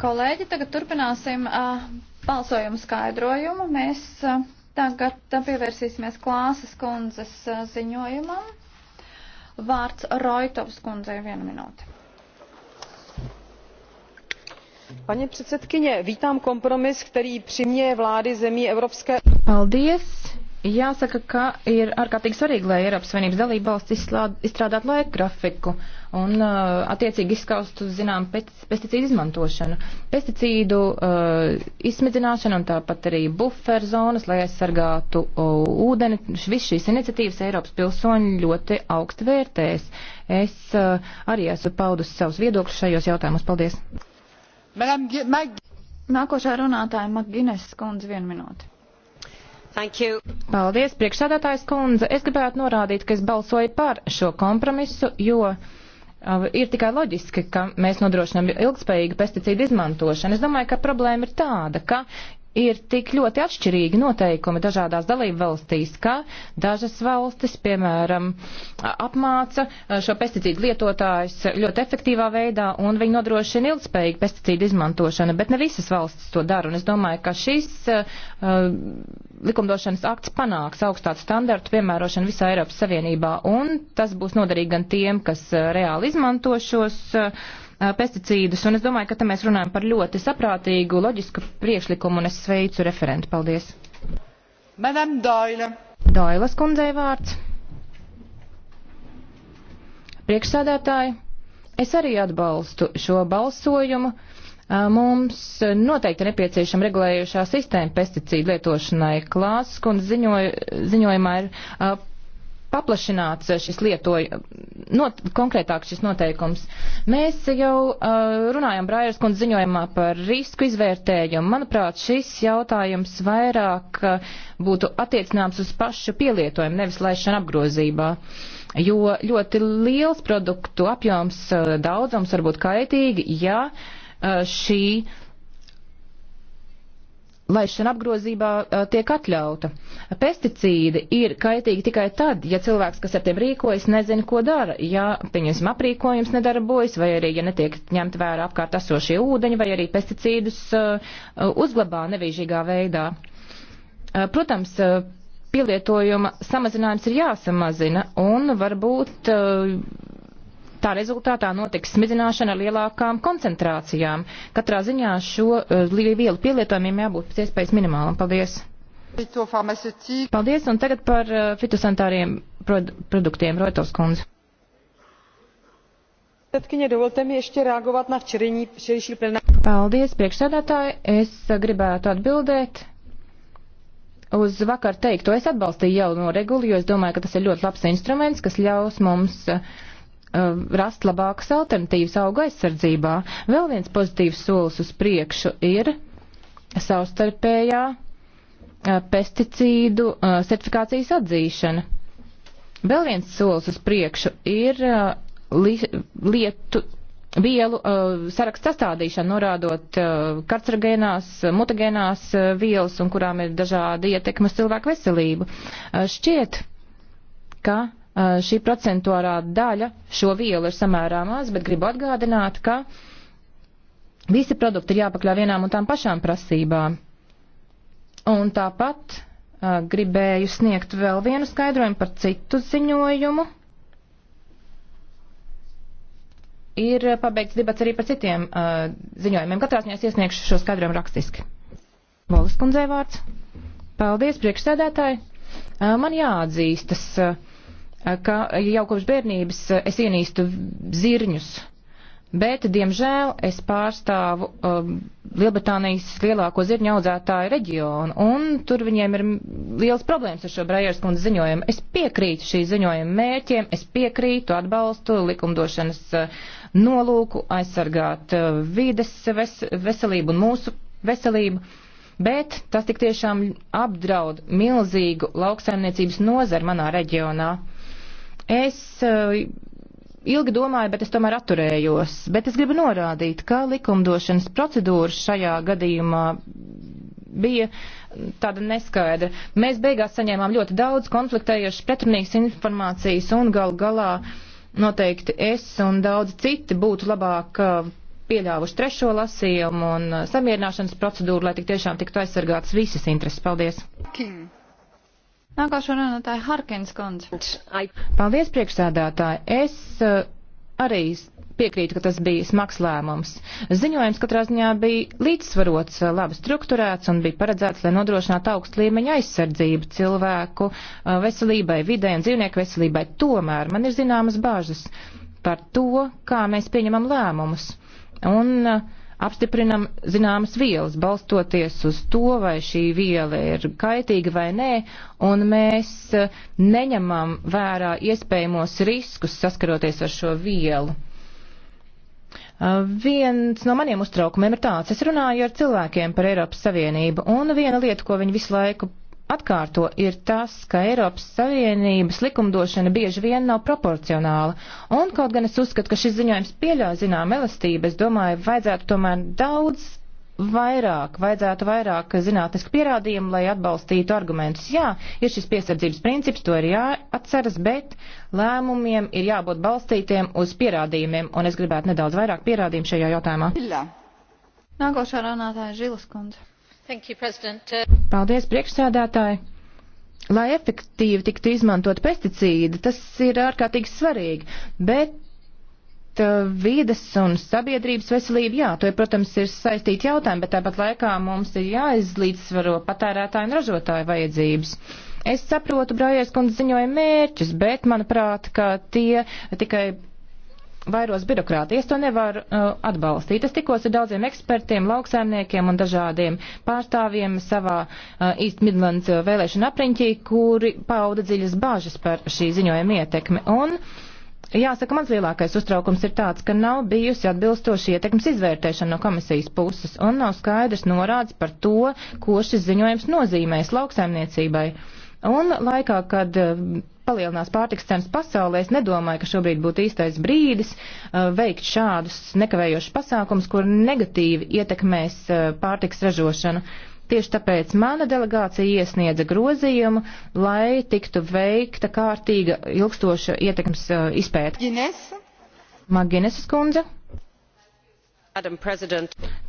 Kolēģi, tagad turpināsim uh, balsojumu skaidrojumu. Mēs uh, tagad uh, pievērsīsimies klāsas kundzes uh, ziņojumam. Vārds Roitovs kundzei viena minūte. Paní předsedkyně, vítám kompromis, který přiměje vlády zemí Evropské. Paldies. Jāsaka, ka ir ārkārtīgi svarīgi, lai Eiropas Savienības dalība valsts izstrādātu laika grafiku un uh, attiecīgi izskaustu, zinām, pesticīdu izmantošanu. Pesticīdu uh, izsmidzināšanu un tāpat arī buferu zonas, lai aizsargātu uh, ūdeni. Viss šīs iniciatīvas Eiropas pilsoņi ļoti augstu vērtēs. Es uh, arī esmu paudusi savus viedokļus šajos jautājumos. Paldies! Nākošā runātāja Magines skundze vienu minūti. Paldies, priekšsādātājs kundze. Es gribētu norādīt, ka es balsoju par šo kompromisu, jo uh, ir tikai loģiski, ka mēs nodrošinām ilgspējīgu pesticīdu izmantošanu. Es domāju, ka problēma ir tāda, ka ir tik ļoti atšķirīgi noteikumi dažādās dalību valstīs, ka dažas valstis, piemēram, apmāca eh, šo pesticīdu lietotājus ļoti efektīvā veidā un viņi nodrošina ilgspējīgu pesticīdu izmantošanu, bet ne visas valstis to dara. Un es domāju, ka šis uh, likumdošanas akts panāks augstātu standartu piemērošanu visā Eiropas Savienībā un tas būs noderīgi gan tiem, kas eh, reāli izmanto šos uh, pesticīdus, un es domāju, ka te mēs runājam par ļoti saprātīgu, loģisku priekšlikumu, un es sveicu referentu. Paldies! Madam Doyle. Doilas kundzei vārds. Priekšsādātāji, es arī atbalstu šo balsojumu. Mums noteikti nepieciešama regulējošā sistēma pesticīdu lietošanai. Klāsas kundze ziņoj, ziņojumā ir paplašināts eh, šis lietoja, not, konkrētāk šis noteikums. Mēs jau uh, runājam Brairas kundze ziņojumā par risku izvērtējumu. Manuprāt, šis jautājums vairāk uh, būtu attiecināms uz pašu pielietojumu, nevis laišanu apgrozībā. Jo ļoti liels produktu apjoms, uh, daudzums var būt kaitīgi, ja uh, šī laišana apgrozībā tiek atļauta. Pesticīdi ir kaitīgi tikai tad, ja cilvēks, kas ar tiem rīkojas, nezina, ko dara. Ja, pieņemsim, aprīkojums nedarbojas, vai arī, ja netiek ņemt vērā apkārt esošie ūdeņi, vai arī pesticīdus uzglabā nevīžīgā veidā. Protams, pielietojuma samazinājums ir jāsamazina, un varbūt Tā rezultātā notiks smidzināšana ar lielākām koncentrācijām. Katrā ziņā šo eh, vielu pielietojumiem jābūt pēc iespējas minimālam. Paldies! Paldies, un tagad par eh, fitosantāriem produktiem, Roitovs kundze předsedkyně dovolte mi ještě reagovat na včerejší plenární. Paldies, priekšsēdētāji. Es gribētu atbildēt uz vakar teikto. Es atbalstīju jauno regulu, jo es domāju, ka tas ir ļoti labs instruments, kas ļaus mums uh, Um, rast labākas alternatīvas auga aizsardzībā. Vēl viens pozitīvs solis uz priekšu ir savstarpējā uh, pesticīdu uh, certifikācijas atzīšana. Vēl viens solis uz priekšu ir uh, li, lietu vielu uh, sarakstu sastādīšanu, norādot uh, karcerogēnās, mutagēnās uh, vielas un kurām ir dažādi ietekmes cilvēku veselību. Uh, šķiet, ka Eh, šī procentuārā daļa šo vielu ir samērā maz, bet gribu atgādināt, ka visi produkti ir jāpakļā vienām un tām pašām prasībām. Un tāpat uh, gribēju sniegt vēl vienu skaidrojumu par citu ziņojumu. Ir pabeigts debats arī par citiem uh, ziņojumiem. Katrā ziņā es iesniegšu šo skaidrojumu rakstiski. Bolas kundzei vārds. Paldies, priekšsēdētāji. Uh, man jāatzīstas. Uh, ka jau kopš bērnības es ienīstu zirņus. Bet, diemžēl, es pārstāvu um, Lielbritānijas lielāko zirņu audzētāju reģionu, un tur viņiem ir liels problēmas ar šo Brajers kundzes ziņojumu. Es piekrītu šī ziņojuma mērķiem, es piekrītu atbalstu likumdošanas uh, nolūku aizsargāt uh, vides ves veselību un mūsu veselību, bet tas tik tiešām apdraud milzīgu lauksaimniecības nozaru manā reģionā. Es eh, ilgi domāju, bet es tomēr atturējos. Bet es gribu norādīt, ka likumdošanas procedūra šajā gadījumā bija tāda neskaidra. Mēs beigās saņēmām ļoti daudz konfliktējušas pretrunīgas informācijas un gal galā noteikti es un daudz citi būtu labāk eh, pieļāvuši trešo lasījumu un eh, samierināšanas procedūru, lai tik tiešām tiktu aizsargātas visas intereses. Paldies! King. Nākošo runātāju Harkins kundze. Paldies, priekšsēdētāji. Es uh, arī piekrītu, ka tas bija smags lēmums. Ziņojums katrā ziņā bija līdzsvarots, eh, labi strukturēts un bija paredzēts, lai nodrošinātu augstu līmeņu aizsardzību cilvēku eh, veselībai, vidē un dzīvnieku veselībai. Tomēr man ir zināmas bažas par to, kā mēs pieņemam lēmumus. Un uh, apstiprinam zināmas vielas, balstoties uz to, vai šī viela ir kaitīga vai nē, un mēs eh, neņemam vērā iespējamos riskus saskaroties ar šo vielu. Eh, viens no maniem uztraukumiem ir tāds, es runāju ar cilvēkiem par Eiropas Savienību, un viena lieta, ko viņi visu laiku atkārto, ir tas, ka Eiropas Savienības likumdošana bieži vien nav proporcionāla. Un kaut gan es uzskatu, ka šis ziņojums pieļauj zinām elastību, es domāju, vajadzētu tomēr daudz vairāk, vajadzētu vairāk zinātnisku pierādījumu, lai atbalstītu argumentus. Jā, ir šis piesardzības princips, to ir jāatceras, bet lēmumiem ir jābūt balstītiem uz pierādījumiem, un es gribētu nedaudz vairāk pierādījumu šajā jautājumā. Nākošā runātāja Žilas kundze. You, uh, Paldies, priekšsēdētāji! Lai efektīvi tiktu izmantot pesticīdi, tas ir ārkārtīgi svarīgi, bet uh, vides un sabiedrības veselība, jā, to, protams, ir saistīti jautājumi, bet tāpat laikā mums ir jāizlīdzsvaro patērētāju un ražotāju vajadzības. Es saprotu Brāļies kundze ziņoja mērķus, bet manuprāt, ka tie tikai vairos birokrātijas, to nevar uh, atbalstīt. Es tikos ar daudziem ekspertiem, lauksaimniekiem un dažādiem pārstāvjiem savā uh, East Midlands uh, vēlēšana apriņķī, kuri pauda dziļas bāžas par šī ziņojuma ietekmi. Un, Jāsaka, mans lielākais uztraukums ir tāds, ka nav bijusi atbilstoši ietekmes izvērtēšana no komisijas puses un nav skaidrs norādes par to, ko šis ziņojums nozīmēs lauksaimniecībai. Un laikā, kad uh, palielinās pārtiks cenas pasaulē, es nedomāju, ka šobrīd būtu īstais brīdis uh, veikt šādus nekavējošus pasākums, kur negatīvi ietekmēs uh, pārtiks ražošanu. Tieši tāpēc mana delegācija iesniedza grozījumu, lai tiktu veikta kārtīga ilgstoša ietekmes uh, izpēta. Gines. Maginesas kundze.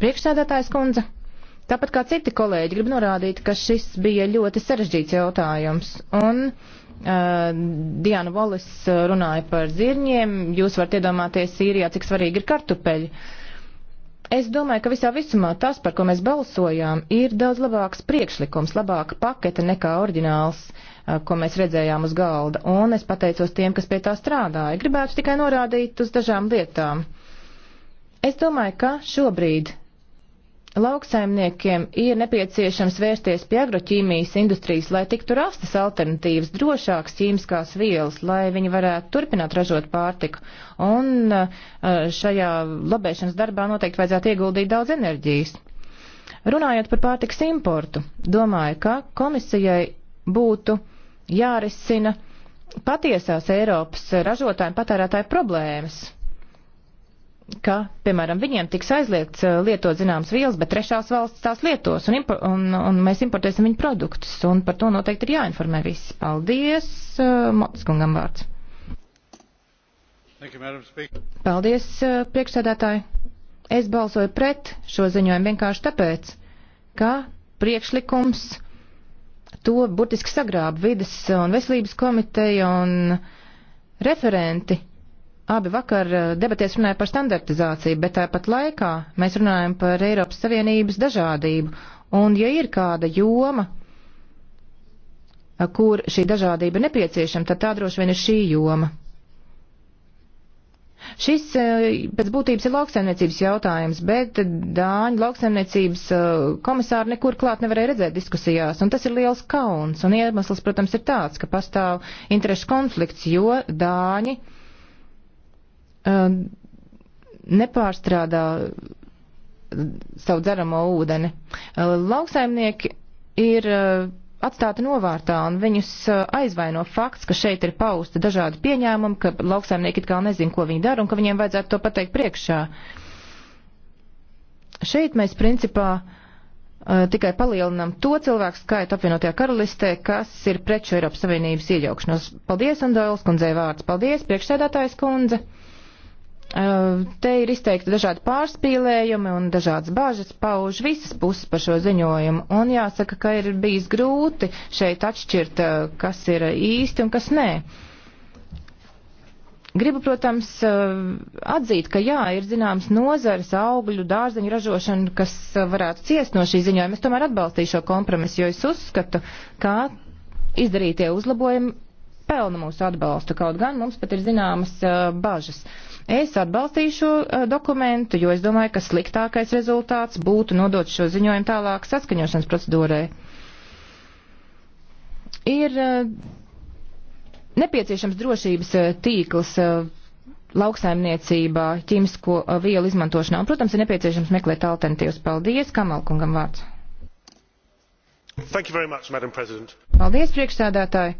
Priekšsēdētājs kundze. Tāpat kā citi kolēģi, grib norādīt, ka šis bija ļoti sarežģīts jautājums. Un Eh, Diana Volis eh, runāja par zirņiem. Jūs varat iedomāties Sīrijā, cik svarīgi ir kartupeļi. Es domāju, ka visā visumā tas, par ko mēs balsojām, ir daudz labāks priekšlikums, labāka pakete nekā oriģināls, eh, ko mēs redzējām uz galda. Un es pateicos tiem, kas pie tā strādāja. Gribētu tikai norādīt uz dažām lietām. Es domāju, ka šobrīd Lauksaimniekiem ir nepieciešams vērsties pie agroķīmijas industrijas, lai tiktu rastas alternatīvas, drošākas ķīmiskās vielas, lai viņi varētu turpināt ražot pārtiku. Un eh, šajā labēšanas darbā noteikti vajadzētu ieguldīt daudz enerģijas. Runājot par pārtikas importu, domāju, ka komisijai būtu jārisina patiesās Eiropas ražotājiem patērētāju problēmas ka, piemēram, viņiem tiks aizliegts eh, lietot zināmas vielas, bet trešās valsts tās lietos, un, un, un mēs importēsim viņu produktus, un par to noteikti ir jāinformē visi. Paldies, eh, Motis kungam vārds. Paldies, eh, priekšsēdētāji. Es balsoju pret šo ziņojumu vienkārši tāpēc, ka priekšlikums to burtiski sagrāba vidas un veselības komiteja un referenti Abi vakar eh, debatēs runāja par standartizāciju, bet tāpat laikā mēs runājam par Eiropas Savienības dažādību. Un ja ir kāda joma, eh, kur šī dažādība ir nepieciešama, tad tā droši vien ir šī joma. Šis eh, pēc būtības ir lauksaimniecības jautājums, bet Dāņu lauksaimniecības komisāri nekur klāt nevarēja redzēt diskusijās, un tas ir liels kauns, un iemesls, protams, ir tāds, ka pastāv interešu konflikts, jo Dāņi uh, nepārstrādā savu dzeramo ūdeni. Lauksaimnieki ir atstāti novārtā un viņus aizvaino fakts, ka šeit ir pausti dažādi pieņēmumi, ka lauksaimnieki it kā nezin, ko viņi dara un ka viņiem vajadzētu to pateikt priekšā. Šeit mēs principā tikai palielinam to cilvēku skaitu apvienotajā karalistē, kas ir preču Eiropas Savienības iejaukšanos. Paldies, un Doils kundzei vārds. Paldies, priekšsēdētājs kundze. Eh, te ir izteikti dažādi pārspīlējumi un dažādas bāžas pauž visas puses par šo ziņojumu. Un jāsaka, ka ir bijis grūti šeit atšķirt, eh, kas ir īsti un kas nē. Gribu, protams, eh, atzīt, ka jā, ir zināms nozars, augļu, dārzeņu ražošana, kas varētu ciest no šī ziņojuma. Es tomēr atbalstīšu šo kompromisu, jo es uzskatu, ka izdarītie uzlabojumi pelna mūsu atbalstu. Kaut gan mums pat ir zināmas bažas. Uh, Es atbalstīšu šo uh, eh, dokumentu, jo es domāju, ka sliktākais rezultāts būtu nodot šo ziņojumu tālāk saskaņošanas procedūrai. Ir uh, nepieciešams drošības uh, tīkls lauksaimniecībā, ķīmisko vielu izmantošanā, un, protams, ir nepieciešams meklēt alternatīvas. Paldies, Kamalkungam vārds. Much, Paldies, priekšsēdētāji.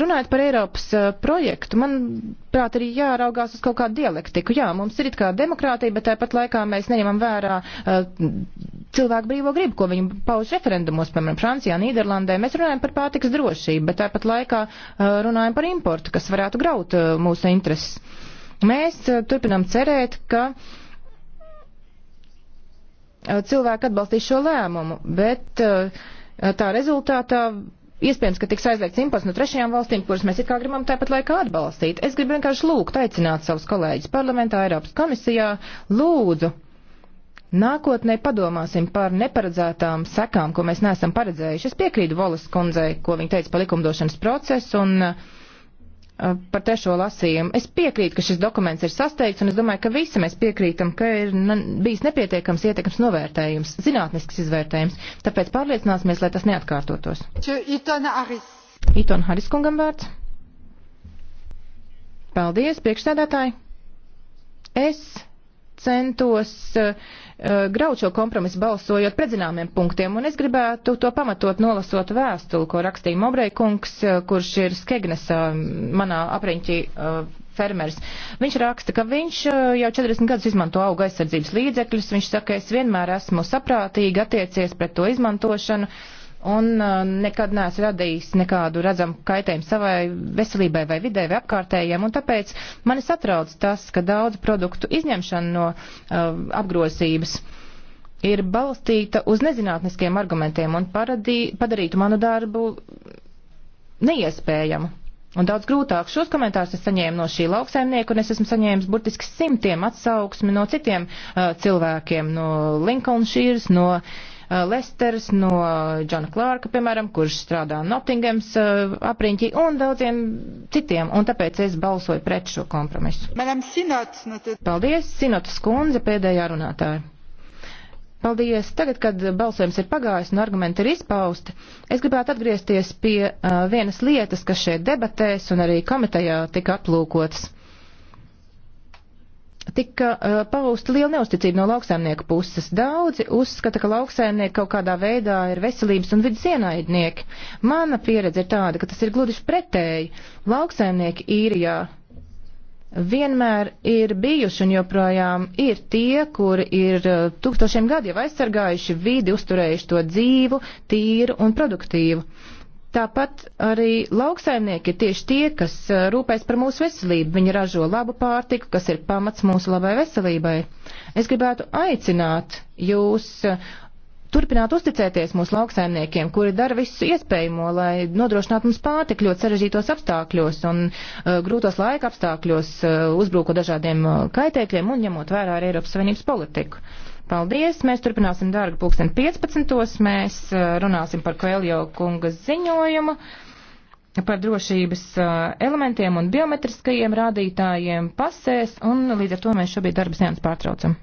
Runājot par Eiropas uh, projektu, man prāt arī jāraugās uz kaut kādu dialektiku. Jā, mums ir it kā demokrātija, bet tāpat laikā mēs neņemam vērā uh, cilvēku brīvo gribu, ko viņi pauž referendumos, piemēram, Francijā, Nīderlandē. Mēs runājam par pārtikas drošību, bet tāpat laikā uh, runājam par importu, kas varētu graut uh, mūsu intereses. Mēs uh, turpinām cerēt, ka. Uh, cilvēki atbalstīs šo lēmumu, bet tā rezultātā iespējams, ka tiks aizliegts imports no trešajām valstīm, kuras mēs it kā gribam tāpat laikā atbalstīt. Es gribu vienkārši lūgt, aicināt savus kolēģus parlamentā, Eiropas komisijā, lūdzu, nākotnē padomāsim par neparedzētām sekām, ko mēs neesam paredzējuši. Es piekrītu Volas kundzei, ko viņa teica par likumdošanas procesu, un uh, Eh, par trešo lasījumu. Es piekrītu, ka šis dokuments ir sasteigts, un es domāju, ka visi mēs piekrītam, ka ir bijis nepietiekams ietekmes novērtējums, zinātnisks izvērtējums. Tāpēc pārliecināsimies, lai tas neatkārtotos. Iton Haris kungam vārds. Paldies, priekšsēdētāji. Es centos uh, graut šo kompromisu balsojot pret zināmiem punktiem, un es gribētu to pamatot nolasot vēstuli, ko rakstīja Mobreikungs, uh, eh, kurš ir Skegnes uh, manā apriņķī fermers. Viņš raksta, ka viņš jau 40 gadus izmanto auga aizsardzības līdzekļus, viņš saka, es vienmēr esmu saprātīgi attiecies pret to izmantošanu. Uh, un uh, nekad neesmu radījis nekādu redzamu kaitējumu savai veselībai vai vidē vai apkārtējiem, un tāpēc mani satrauc tas, ka daudz produktu izņemšana no uh, apgrozības ir balstīta uz nezinātniskiem argumentiem un paradī, padarītu manu darbu neiespējamu. Un daudz grūtāk šos komentārus es saņēmu no šī lauksaimnieka, un es esmu saņēmis burtiski simtiem atsauksmi no citiem uh, cilvēkiem, no Lincolnšīras, no uh, Eh, Lesters, no Džona Klārka, piemēram, kurš strādā Nottingems eh, apriņķī un daudziem citiem, un tāpēc es balsoju pret šo kompromisu. Paldies, Sinotas kundze, pēdējā runātāja. Paldies! Tagad, kad balsojums ir pagājis un argumenti ir izpausti, es gribētu atgriezties pie uh, vienas lietas, kas šeit debatēs un arī komitejā tika aplūkotas tika uh, pausta liela neusticība no lauksaimnieku puses. Daudzi uzskata, ka lauksaimnieki kaut kādā veidā ir veselības un vidas ienaidnieki. Mana pieredze ir tāda, ka tas ir gludiši pretēji. Lauksaimnieki īrijā vienmēr ir bijuši un joprojām ir tie, kuri ir eh, tūkstošiem gadi jau aizsargājuši vidi, uzturējuši to dzīvu, tīru un produktīvu. Uh, Tāpat arī lauksaimnieki ir tieši tie, kas eh, rūpēs par mūsu veselību. Viņi ražo labu pārtiku, kas ir pamats mūsu labai veselībai. Es gribētu aicināt jūs eh, turpināt uzticēties mūsu lauksaimniekiem, kuri dara visu iespējamo, lai nodrošinātu mums pārtiku ļoti sarežģītos apstākļos un uh, grūtos laika apstākļos, uh, uzbruko dažādiem uh, kaitēkļiem un ņemot vērā arī Eiropas Savienības politiku. Uh, Paldies! Mēs turpināsim darbu pulksten 15. Mēs eh, runāsim par Kvēljo kungas ziņojumu par drošības eh, elementiem un biometriskajiem rādītājiem pasēs, un līdz ar to mēs šobrīd darba sēnas pārtraucam.